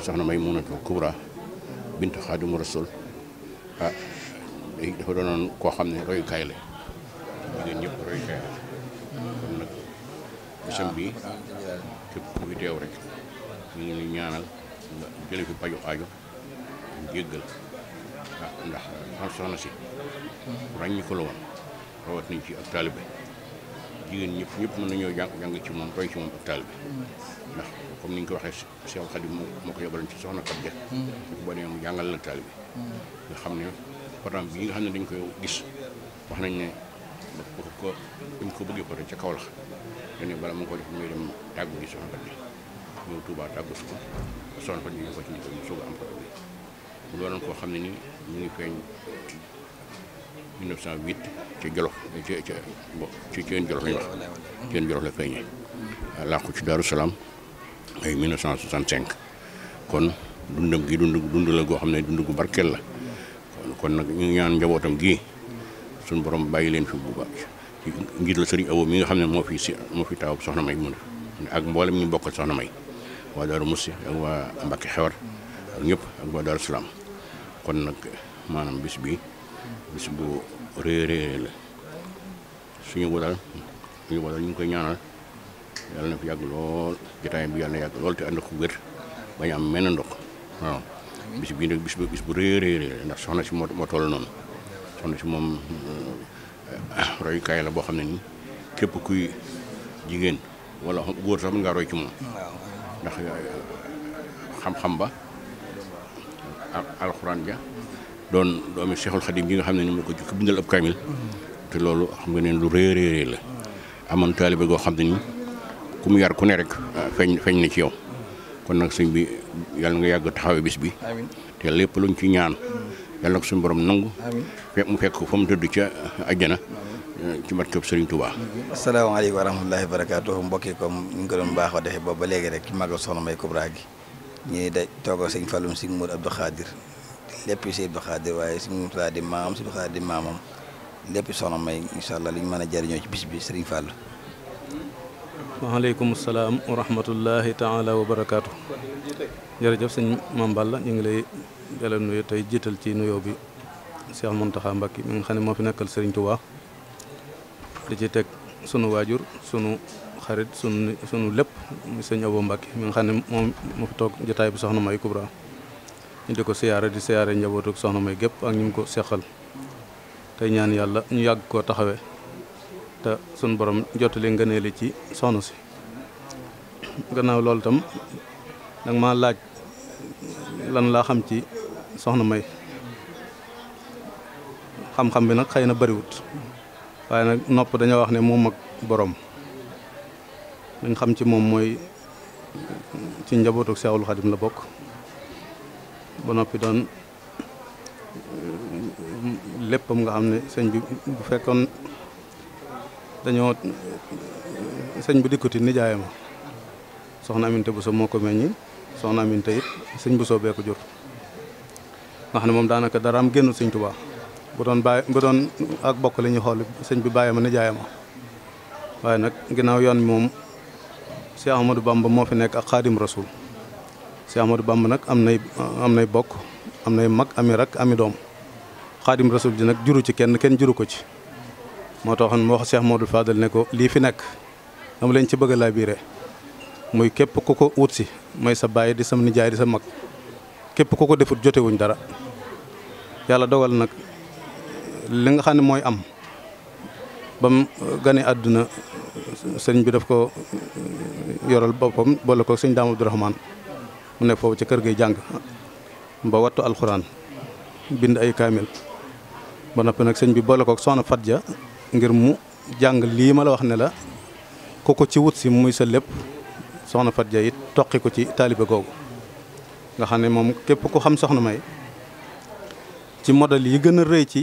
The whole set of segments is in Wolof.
muy soxna Maymunatu Kubra bintu Xaadimu Rasul ah dafa doonoon koo xam ne royukaay la jigéen ñëpp royukaay la kon nag ñaanal nga jële fi paju aajo jéggal ah ndax an soxna si ràññi la woon rawat nañ ci ak taalibe jigéen ñëpp ñëpp mën nañoo jàng jàng ci moom roy ci moom ak taalibe ndax comme ni ñu ko waxee Cheikh Khadim moo moo ko yebaloon ci soxna Kat Ja boo demee mu jàngal la taalibe mm. nga xam ne programme bi nga xam ne dañ koy gis wax nañ ne ko dañ ko bëggee porté ca Kaolack dañ bala mu ko def muy dem tàggu gi soxna Kat Ja ñëw Touba tàggu si soxna Kat Ja ko ci njëkk mu soog a am photo bi mu doonoon koo xam ne nii ñu ngi feeñ 1908 ci Jolof ci ci ci Jolof lañ wax ci Jolof la feeñee mm. làqu ci Daaru Salaam ay 1965 kon dundam gi dund dund la goo xam ne dund gu barkeel la kon nag ñu ñaan njabootam gii suñu borom bàyyi leen fi bu baax ci ngir la sëriñ Abo mi nga xam ne moo fi si moo fi taaw soxna May mun ak mboolem ñu bokkal soxna May waa Daaru Musi ak waa Mbacke Xewar ak ñëpp ak waa Daaru Salaam kon nag maanaam bis bi bis bu réeréer la suñu wadal suñu wadal ñu koy ñaanal yàlla na fi yàgg lool jotaay bi yàlla na yàgg lool te ànd ko wér bañ am menn ndox waaw bis bii nag bu bis bu ndax soxna si moo moo toll noonu soxna si moom euh, royukaay la boo xam ne nii képp kuy jigéen wala góor sax mën ngaa roy ci moom ndax euh, xam-xam ba ak alxuraan ja doon doomi Seexul Xadim yi nga xam ne ni mu ko jukki bindal ab kaamil mm-hmm. te loolu xam nga ne lu rëy rëy la amoon taalibe goo xam ne nii ku mu yar ku ne rek ah, feeñ feeñ na ci yow kon nag sëñ bi yàlla nga yàgg taxawee bis bi te lépp luñ ci ñaan yàlla na ko suñu borom nangu mu fekk fa mu tëdd ca àjjana ci barkeb Sëriñ Tuubaa asalaamaaleykum wa rahmatulahi wa barakaatuh mbokki comme ñu ngi ko doon baaxoo defee boobu ba léegi rek ci màggal soxna May Kubra gi ñuy daj toogal sëñ Fallu sëñ Mour Abdou Khadir lépp yi si Abdou Khadir waaye sëñ Mourtada di maamam sëñ maamam lépp soxna May incha allah li mën a jëriñoo ci bis bi sëriñ Fallu waaleykum salaam wa rahmatullahi taala wa barakaatu jërëjëf sëñ Mame Balla ñu ngi lay dalal nuyu tey jiital ci nuyoo bi Cheikh Mountakha Mbacké mi nga xam ne moo fi nekkal Serigne Touba di teg sunu waajur sunu xarit sunu sunu lépp sëñ Abo mi nga xam ne moom moo fi toog jotaay bi soxna May Kubra ñu di ko siyaare di siyaare njabootu soxna May gépp ak ñu ko seqal tey ñaan yàlla ñu yàgg koo taxawee. te sunu borom jottali ngëneeli ci soxna si gannaaw loolu tam nag ma laaj lan laa xam ci soxna may xam-xam bi nag xëy na bariwut waaye nag nopp dañoo wax ne moom ak borom dañ xam ci moom mooy ci njabootu Seexul Xadim la bokk ba noppi doon léppam nga xam ne sëñ bi bu fekkoon dañoo sëñ bi dikkuti nijaayam soxna bu so moo ko meññi soxna Aminta it sëñ Bousso bee ko jur nga moom daanaka dara am génn sëñ Tuubaa bu doon bàyyi bu doon ak bokk lañuy xool sëñ bi bàyyi ma nijaayam waaye nag ginnaaw yoon moom Cheikh Ahmadou Bamba moo fi nekk ak Xaadim Rasul Cheikh Ahmadou Bamba nag am nay am nay bokk am nay mag ami rek ami doom Xaadim Rasul ji nag juru ci kenn kenn juru ko ci moo taxoon mu wax moo Modou Fadal ne ko lii fi nekk dama leen ci bëgg laa biire muy képp ku ko wut si mooy sa baay di sam nijaay di sa mag képp ku ko defut jotewuñ dara yàlla dogal nag li nga xam ne mooy am bam mu gane àdduna sëñ bi daf ko yoral boppam boole ko sëñ Daam Abdourahmaan mu nekk foofu ci kër gi jàng ba wattu alxuraan bind ay kaamil ba noppi nag sëñ bi boole ko fat ja ngir mu jàng lii ma la wax ne la ku ko ci wut si muy sa lépp soxna Faty Dia it toqi ko ci taalibe googu nga xam ne moom képp ku xam soxna may ci modèle yi gën a rëy ci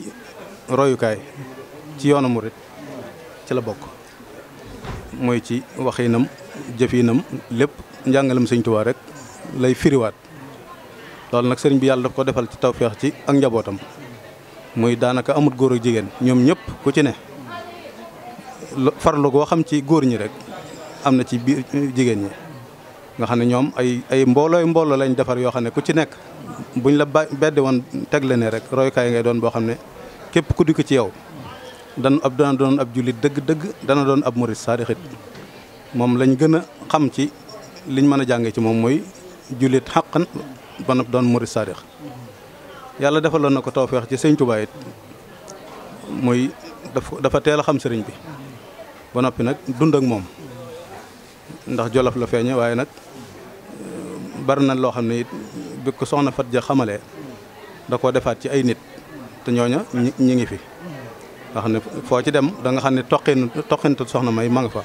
royukaay ci yoonu murit ci la bokk mooy ci waxinam jëfinam lépp njàngalam sëñ Tuubaa rek lay firiwaat loolu nag sëriñ bi yàlla daf ko defal ci tawféex ci ak njabootam muy daanaka amut góor ak jigéen ñoom ñëpp ku ci ne farlu goo xam ci góor ñi rek am na ci biir euh, jigéen ñi nga xam ne ñoom ay ay mboolooy mbooloo lañ defar yoo xam ne ku ci nekk buñ la ba beddi woon tegle ne rek royukaay ngay doon boo xam ne képp ku dikk ci yow dan ab dana doon ab jullit dëgg-dëgg dana doon ab murit saadixit moom lañ gën a xam ci liñ mën a jànge ci moom mooy jullit xaqan ba nag doon murit saadix yàlla defaloon na ko tawfeex ci sëñ Tuubaa it mooy dafa teel a xam sëriñ bi ba noppi nag dund ak moom ndax jolof la feeñe waaye nag euh, bari na loo xam ne it bi ko soxna Fat ja xamalee da koo defaat ci ay nit te ñooña ñi ngi fi nga ne foo ci dem danga xam ne toqin toqintu soxna may ma nga fa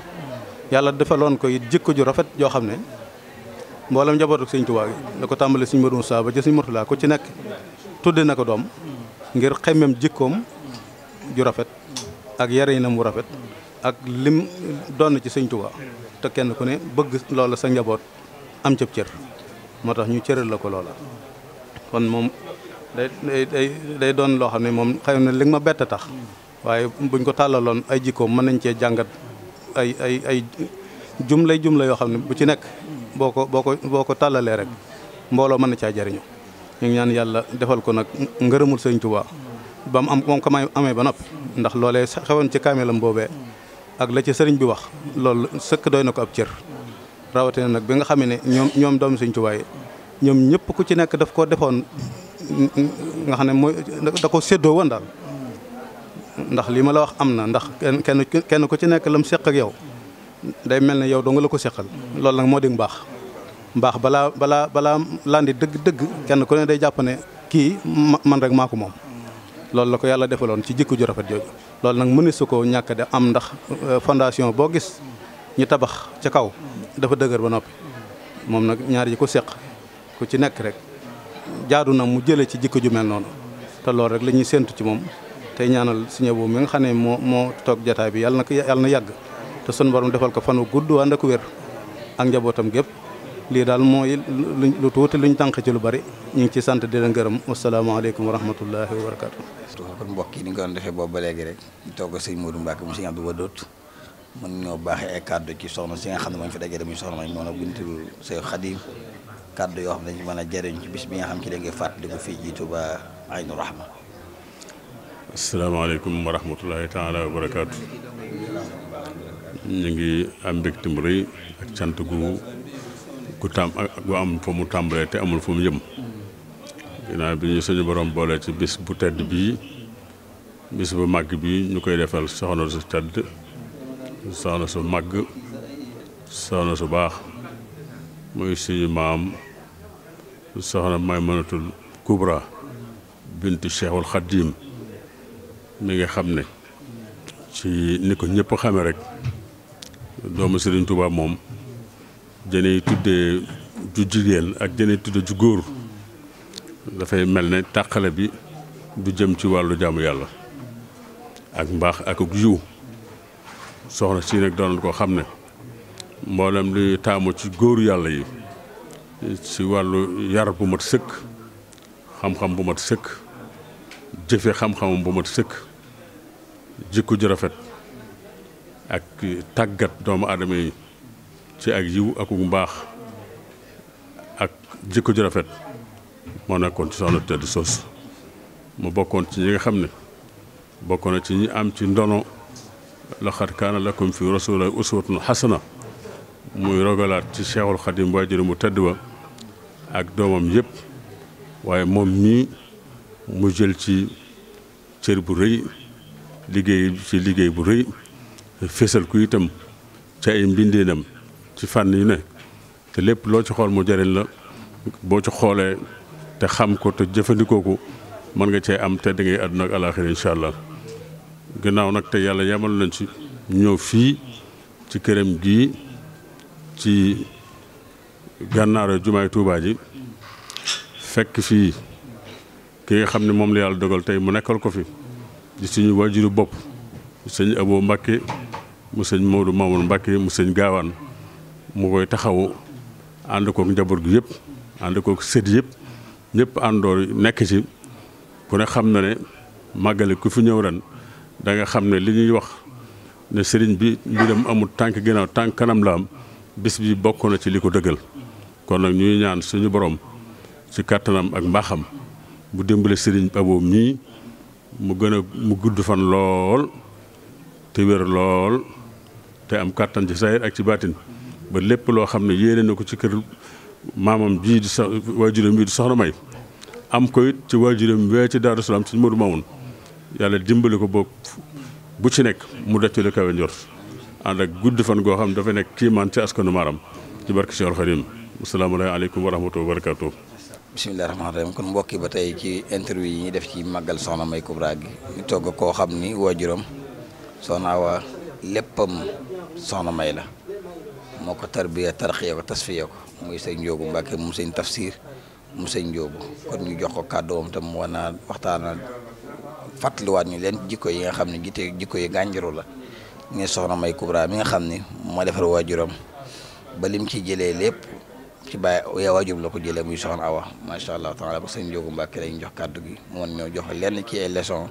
yàlla defaloon ko it jikko ju rafet joo xam ne mboolem njabootu sëñ Tuubaa gi da ko tàmbali sëñ Moodu Musaa ba ci sëñ Murtala ku ci nekk tudde na ko doom ngir xemmem jikkoom ju rafet ak yarinam wu rafet ak lim doon ci sëñ Tuubaa te kenn ku ne bëgg loola sa njaboot am cëb cër moo tax ñu cëral la ko loola kon moom day day doon loo xam ne moom xëy na li ma bett tax waaye buñ ko tàllaloon ay jikkoom mën nañ cee jàngat ay ay ay jumlay jumla yoo xam ne bu ci nekk boo ko boo ko boo ko tàllalee rek mbooloo mën na caa jariñu ñu ñaan yàlla defal ko nag ngërëmul sëñ Tuubaa ba mu am moom ko may ba noppi ndax loolee xewoon ci kaamelam boobee ak la ci sëriñ bi wax lool sëkk doy na ko ab cër rawatina nag bi nga xam ne ñoom ñoom doom Sëriñ Tuubaa ñoom ñëpp ku ci nekk daf koo defoon nga xam ne mooy da ko séddoo woon daal ndax lii ma la wax am na ndax kenn kenn kenn ku ci nekk lam seq ak yow day mel ne yow dong la ko seqal loolu nag moo di mbaax mbaax balaa balaa balaa landi dëgg-dëgg kenn ku ne day jàpp ne kii man rek maaku ko moom loolu la ko yàlla defaloon ci jikko ju rafet jooju loolu nag su ko ñàkk de am ndax euh, fondation boo gis ñu tabax ca kaw dafa dëgër ba noppi moom nag ñaar yi ko seq ku ci nekk rek jaadu na mu jëlee ci jikko ju mel noonu te loolu rek la ñuy séntu ci moom tey ñaanal suñu boobu mi nga xam ne moo moo toog jataay bi yàlla na ko na yàgg te sunu borom defal ko fan wu gudd ànd ak wér ak njabootam gépp lii daal mooy lu tuuti luñ tànq ci lu bari ñu ngi ci sant di leen gërëm wasalaamaaleykum wa rahmatullahi wa mbokk ni nga ko boobu ba léegi rek ñu toog mu sëñ Abdou Wadoot mën ñoo baaxee ay kàddu ci soxna si nga xam ne mooñ fi dajee damuñ soxna mañ moon a buntu say yoo xam ne dañ a jëriñ ci bis bi nga xam ci la ngay fàttali ko fii ji Touba Aynu Rahma asalaamaaleykum wa rahmatullahi taala wa barakaatu ñu ngi am mbégte mu rëy ak cant gu ku tàm ak am fa mu tàmbalee te amul fa mu yëm ginnaaw bi ñu suñu borom boole ci bis bu tedd bii bis bu màgg bii ñu koy defal soxna su tedd soxna su màgg soxna su baax muy suñu maam soxna Maymunatul Kubra bintu Cheikhul Xadim mi nga xam ne ci ni ko ñëpp xame rek doomu Serigne Touba moom jëney tudde ju jigéen ak jëney tudde ju góor dafay mel ni tàqale bi du jëm ci wàllu jaamu yàlla ak mbaax ak ak yiw soxna si nag doon koo xam ne mboolem luy taamu ci góor yàlla yi ci wàllu yar bu mat sëkk xam-xam bu mat sëkk jëfe xam-xamam bu mat sëkk jikko ju rafet ak tàggat doomu aadama yi ci ak yiw ak mbaax ak jikko ju rafet moo nekkoon ci soxna tedd soos mu bokkoon ci ñi nga xam ne bokkoon na ci ñu am ci ndono laqad kaana lakum fi rasulillahi uswatun xasana muy rogalaat ci Cheikhul Xadim waajur mu tedd wa ak doomam yépp waaye moom mii mu jël ci cër bu rëy liggéey ci liggéey bu rëy fésal ku itam ci ay mbindeenam ci fànn yu ne te lépp loo ci xool mu jariñ la boo ci xoolee te xam ko te jëfandikoo ko mën nga cee am te da àdduna ak alaaxira incha allah gannaaw nag te yàlla yamal nañ ci ñëw fii ci këram gii ci gànnaaro jumaay Tuubaa ji fekk fii ki nga xam ne moom la yàlla dogal tey mu nekkal ko fi di suñu wajuru bopp sëñ Abo Mbàkke mu sëñ Maodo Mamoun Mbàkke mu sëñ Gaawaan mu koy taxawu ànd kook njaboot gi yëpp ànd kook sët yëpp ñëpp àndoo nekk ci ku ne xam na ne màggale ku fi ñëw ren da nga xam ne li ñuy wax ne sëriñ bi mbiram amul tànk ginnaaw tànk kanam la am bis bi bokk na ci li ko dëggal kon nag ñuy ñaan suñu borom ci kàttanam ak mbaaxam bu dimbale sëriñ Abo mii mu gën mu gudd fan lool te wér lool te am kàttan ci saayir ak ci baatin ba lépp loo xam ne yéene na ko ci kër maamam ji di sa waajuram bii di soxna may am ko it ci waajuram wee ci Daaru Salaam ci Modou Mamoun yàlla dimbali ko boog bu ci nekk mu daccu lu kawe njort ànd ak gudd fan goo xam ne dafay nekk kiimaan ci askanu maaram ci barke Cheikh Khadim asalaamaaleykum wa rahmatulah wa barakaatu. bisimilah rahmaani rahiim kon mbokk yi ba tey ci interview yi ñuy def ci màggal soxna May Kubra gi ñu togg koo xam ni waajuram soxna Awa léppam soxna May la. moo ko tarbiya tarxiya ko tasfiya ko muy sëñ Njóobu Mbàkke mu sëñ tafsir mu sëñ Njóobu kon ñu jox ko kàddoom tam war naa waxtaana fàttaliwaat ñu leen jikko yi nga xam ne jite jikko yi gànjaru la ñu soxna May Kubra mi nga xam ne moo defar waajuram ba lim ci jëlee lépp ci bàyyi waajur la ko jëlee muy soxna Awa macha allah taala ba sëñ Njóobu Mbàkke lañ jox kàddu gi moon ñoo jox lenn ci ay leçon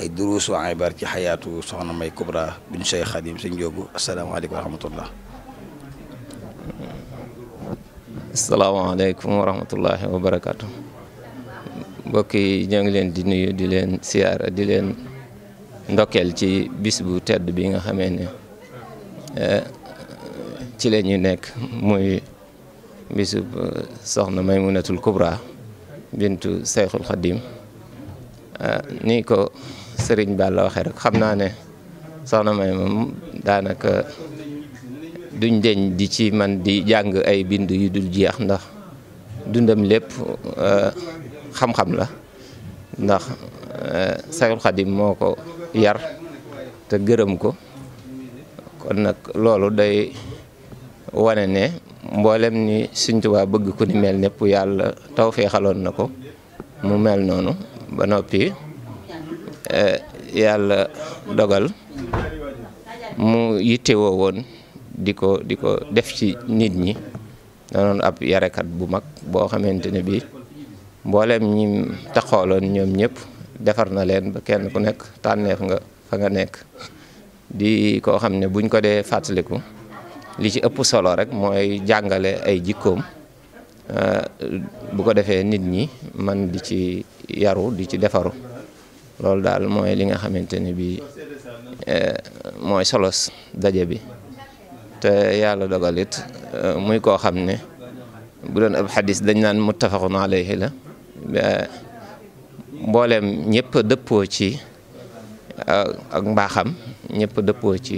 ay duruus wa ibar ci xayaatu soxna May Kubra bin Cheikh Xadim sëñ Njóobu asalaamaaleykum wa rahmatullah salaamaaleykum wa rahmatullahi wa barakaatu mbokk yi ñoo ngi leen di nuyu di leen siyaara di leen ndokkeel ci bis bu tedd bi nga xamee ne eh, ci la ñu nekk muy bisub eh, soxna Maymunatul Kubra bintu Seyxul Xadim eh, ni ko Sëriñ Balla waxee xam naa ne soxna May moom daanaka duñ deñ di ci man di jàng ay bind yu dul jeex ndax dundam lépp euh, xam-xam la ndax euh, sayul xadim moo ko yar te gërëm ko kon nag loolu day wane ne mboolem ni Sëñ bëgg ku ni mel népp yàlla taw feexaloon na ko mu mel noonu ba noppi euh, yàlla dogal mu yittewoo woon di ko di ko def ci nit ñi danoon ab yarekat bu mag boo xamante ne bii mbooleem ñi taxooloon ñoom ñëpp defar na leen ba kenn ku nekk tànneef nga fa nga nekk di koo xam ne buñ ko dee fàttaliku li ci ëpp solo rek mooy jàngale ay jikkoom eh, bu ko defee nit ñi man di ci yaru di ci defaru loolu daal mooy li nga xamante ne bii eh, mooy solos daje bi te yàlla dogal it euh, muy koo xam ne bu doon ab xadis dañ naan muttafaqun alayhi la mbooleem ñëpp dëppoo ci euh, ak mbaaxam ñépp dëppoo ci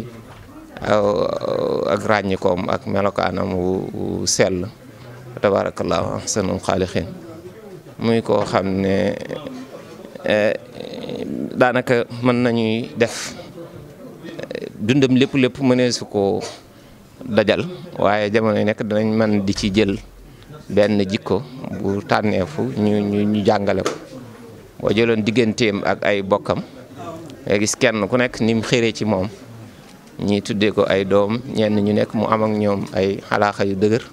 euh, ak ràññikoom ak melokaanam wu sell tabaarakallaahu ahsanul xaalixiin muy koo xam ne daanaka mën nañuy def dundam lépp lépp mëneesu koo dajal waaye jamono yi nekk danañ mën di ci jël benn jikko bu tànneefu ñu ñu jàngale ko boo jëloon digganteem ak ay bokkam nga gis kenn ku nekk ni mu xëree ci moom ñi tuddee ko ay doom ñenn ñu nekk mu am ñoom ay xalaaxa yu dëgër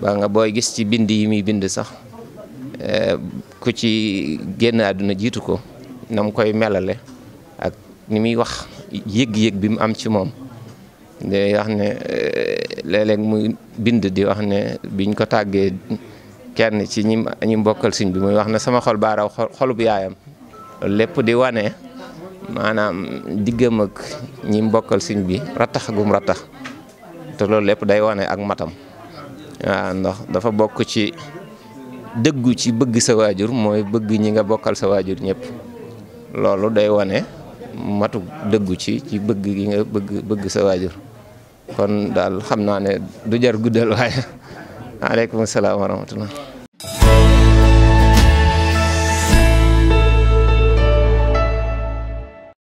ba nga booy gis ci bind yi muy bind sax eh, ku ci génn àdduna jiitu ko na mu koy melale ak ni muy wax yëg-yëg bi mu am ci moom day wax ne eh, léeg-léeg muy bind di wax ne biñ ko tàggee kenn ci ñi ñi mbokkal sëñ bi muy wax ne sama xol baaraw xolub yaayam lépp di wane maanaam diggam ak ñi mbokkal sëñ bi rattax gum rattax te loolu lépp day wane ak matam waaw ndax dafa bokk ci dëggu ci bëgg sa waajur mooy bëgg ñi nga bokkal sa waajur ñëpp loolu day wane matu dëggu ci ci bëgg gi nga bëgg bëgg sa waajur kon daal xam naa ne du jar guddal waaye aleykum salaam wa rahmatullah